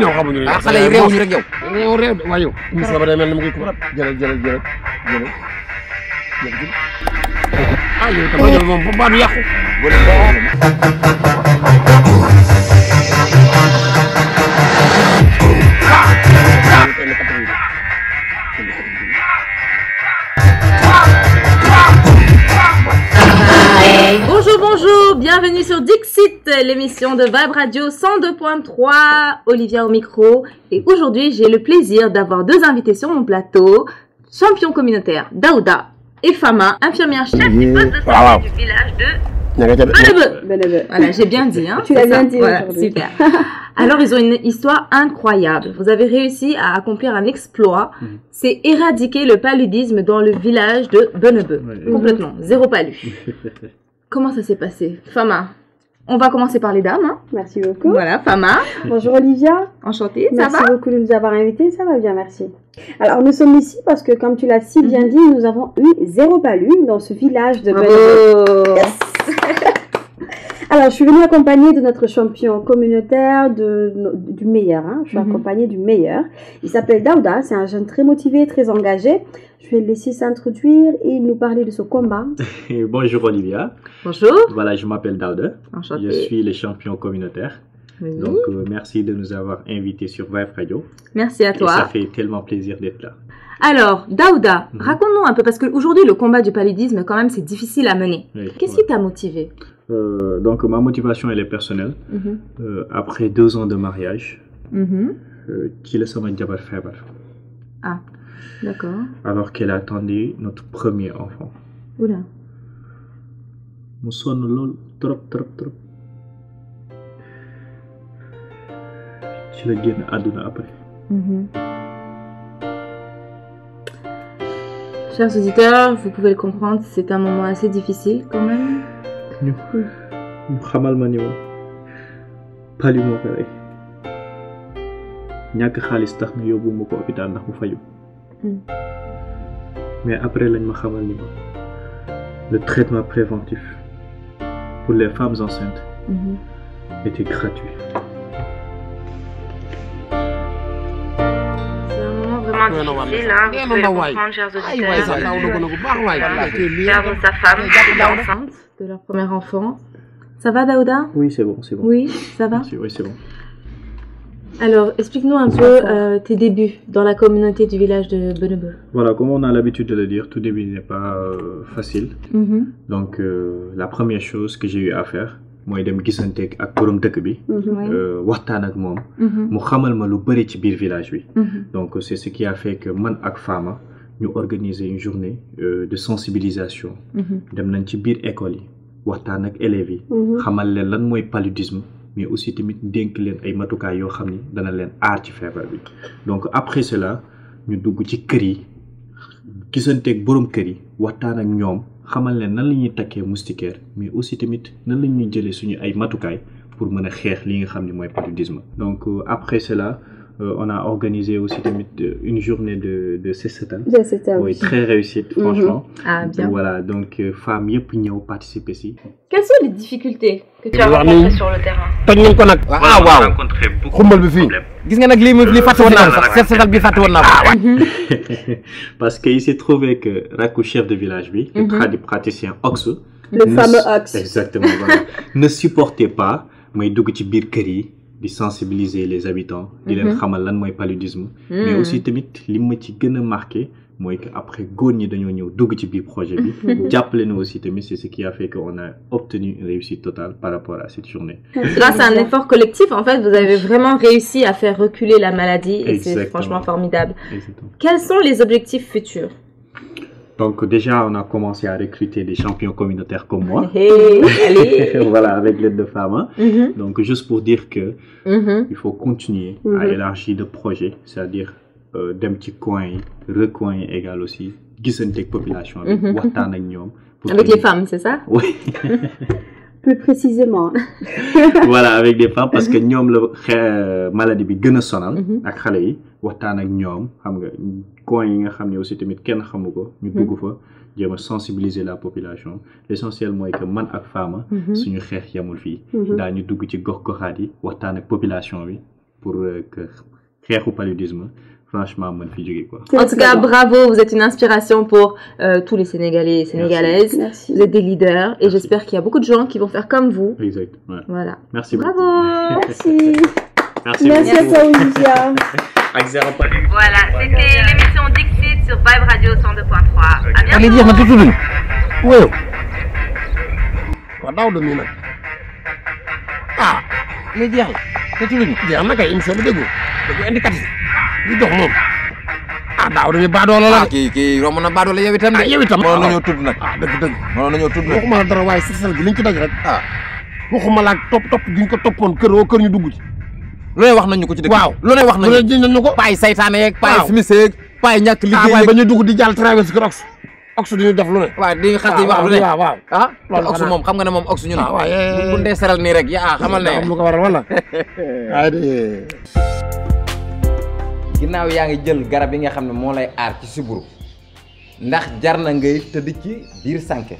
ñoom xamuñu ne. ah xale yi réew ñu rek yow. yow réew de waaye yow. gis nga ba day mel ni mu ngi kubarat jërëjëf jërëjëf jërëjëf jërëjëf. ah yooyu tam moom ba baatu yàqu. bienvenue sur Dixit, l'émission de Vibe Radio 102.3. Olivia au micro. Et aujourd'hui, j'ai le plaisir d'avoir deux invités sur mon plateau. Champion communautaire Daouda et Fama, infirmière chef du de santé du village de ben, ben, ben. Voilà, j'ai bien dit. Hein, tu l'as bien dit. super. Alors, ils ont une histoire incroyable. Vous avez réussi à accomplir un exploit. Mhm. C'est éradiquer le paludisme dans le village de Benebe. Complètement. Zéro paludisme. comment ça s'est passé Fama, on va commencer par les dames. Hein. Merci beaucoup. Voilà, Fama. Bonjour Olivia. Enchantée, merci ça va Merci beaucoup de nous avoir invités, ça va bien, merci. Alors, nous sommes ici parce que, comme tu l'as si bien mhm. dit, nous avons eu zéro palume dans ce village de Bravo je suis venue accompagnée de notre champion communautaire, de, du meilleur. Hein. Je suis mhm. accompagnée du meilleur. Il s'appelle Daouda, c'est un jeune très motivé, très engagé. Je vais le laisser s'introduire et nous parler de ce combat. Bonjour Olivia. Bonjour. Voilà, je m'appelle Daouda. Je suis le champion communautaire. Donc, euh, merci de nous avoir invités sur Vive Radio. Merci à toi. ça fait tellement plaisir d'être là. Alors, Daouda, mhm. raconte-nous un peu, parce qu'aujourd'hui, le combat du paludisme, quand même, c'est difficile à mener. Qu'est-ce qui t'a motivé euh, donc ma motivation, elle est personnelle. Mhm. Euh, après deux ans de mariage, qui le ma jabar Ah, d'accord. Alors qu'elle attendait notre premier enfant. Oula. trop, trop, trop. après. Mhm. Chers auditeurs, vous pouvez le comprendre, c'est un moment assez difficile quand même nyokoy Khamal ma ñëw pali moo ko rey ñàkk xaalis tax ñu yóbbu ma ko hôpital ndax mu fayu. Hmm. mais après lañ ma xamal ni ma le traitement préventif pour les femmes enceintes mm-hmm. était gratuit comment difficile hein, vous pouvez comprendre, chers bah, sa femme, qui est enceinte de leur premier enfant. Ça va, Daouda Oui, c'est bon, c'est bon. Oui, ça va Oui, c'est bon. Alors, explique-nous un peu euh, tes débuts dans la communauté du village de Bonnebeu. Voilà, comme on a l'habitude de le dire, tout début n'est pas euh, facile. Mm-hmm. Donc, euh, la première chose que j'ai eu à faire, mooy dem gisanteeg ak borom dëkk bi. Mhm, euh, waxtaan ak mhm. mu xamal ma lu ci village mhm. donc c'est ce qui a fait que man ak Fama ñu organiser une journée euh, de sensibilisation. dem nañ ci biir école yi waxtaan ak élèves yi. xamal paludisme. mais aussi tamit dénk leen ay dana leen donc après cela ñu dugg ci kër yi borom kër xamal leen nan la ñuy takkee moustiquaire mais aussi tamit nan la ñuy jëlee suñu ay matukaay pour mën a xeex li nga xam ne mooy paludisme. donc euh, après cela euh, on a organisé aussi tamit euh, une journée de de Sessetal. oui très réussite mhm. franchement. ah bien voilà donc femmes yëpp ñëw participer si. quelles sont les difficultés. que tu as rencontrées sur le terrain. toj nañ ko nag. ah waaw beaucoup de problèmes gis nga nag lii li fàtte woon naa sax seet bi fàtte woon naa ah, parce que il s'est trouvé que rakou chef de village bi le mhm. praticien ox le fameux ox exactement voilà ne supportait pas may dugg ci biir kër yi di sensibiliser les habitants di leen mhm. xamal lan moy paludisme mhm. mais aussi tamit lim ma ci gën marquer moi après góor de doug ci projet bi. Mhm. appelé aussi c'est ce qui a fait qu'on a obtenu une réussite totale par rapport à cette journée. grâce à un effort collectif en fait vous avez vraiment réussi à faire reculer la maladie. et c'est franchement formidable. quels sont les objectifs futurs? Donc déjà, on a commencé à recruter des champions communautaires comme moi. voilà, avec l'aide de femmes. Hein. Mhm. Donc juste pour dire que mhm. il faut continuer à élargir le projet, c'est-à-dire euh, dem ci coin recoin égal aussi population bi. Mhm. waxtaan ak avec les femmes c'est ça. oui. plus précisément. voilà avec les femmes parce que ñoom la euh, maladie bi gëna sonal. Mhm. ak yi ak xam nga coin yi nga aussi tamit kenn ñu mhm. fa sensibiliser la population l'essentiel mooy que man ak femme suñu xeex yamul fii. dugg ci gox goxaat yi ak population bi pour euh, que xeexu paludisme vachement modifié quoi. En tout cas, bravo, vous êtes une inspiration pour euh, tous les Sénégalais et Sénégalaises. Vous êtes des leaders et j'espère qu'il y a beaucoup de gens qui vont faire comme vous. Exact. Voilà. Merci beaucoup. Bravo. Merci. Merci à toi, Olivia. voilà, c'était l'émission Dixit sur Vibe Radio 102.3. Okay. À bientôt. Ouais. Ah, les une de di dox moom ah daaw de baadoola la de. Ah, kii kii romb na baadoola yow itam de. ah yow itam waaw mënoon nañoo tudd nag. ah dëgg dëgg mënoon nañoo tudd nag. waxuma la dara waaye sësal gi liñ ci daj rek. ah waxuma la ak topp topp gi ñu ko toppoon kër woo kër ñu dugg ci. lu ne wax nañ ñu ko ci dëgg. waaw lu ne wax nañ ñu nañ ñu ko. paay saytaane yeeg. waaw paay simise yeeg. paay ñàkk ah, liggéey yeeg ah waay ba ñu dugg di jàll traverse kër ox. ox du ñu def lu ne. waaw di xas di wax lu ne waaw waaw ah, ah ox moom xam nga ne moom ox ñu ne. waaw waaye bu dee seral nii rek yaa xamal ne. am lu ko waral wala waaye de. ginnaaw yaa ngi jël garab yi nga xam ne moo lay aar ci si siburu ndax jar na ngay tëdd ci biir sànke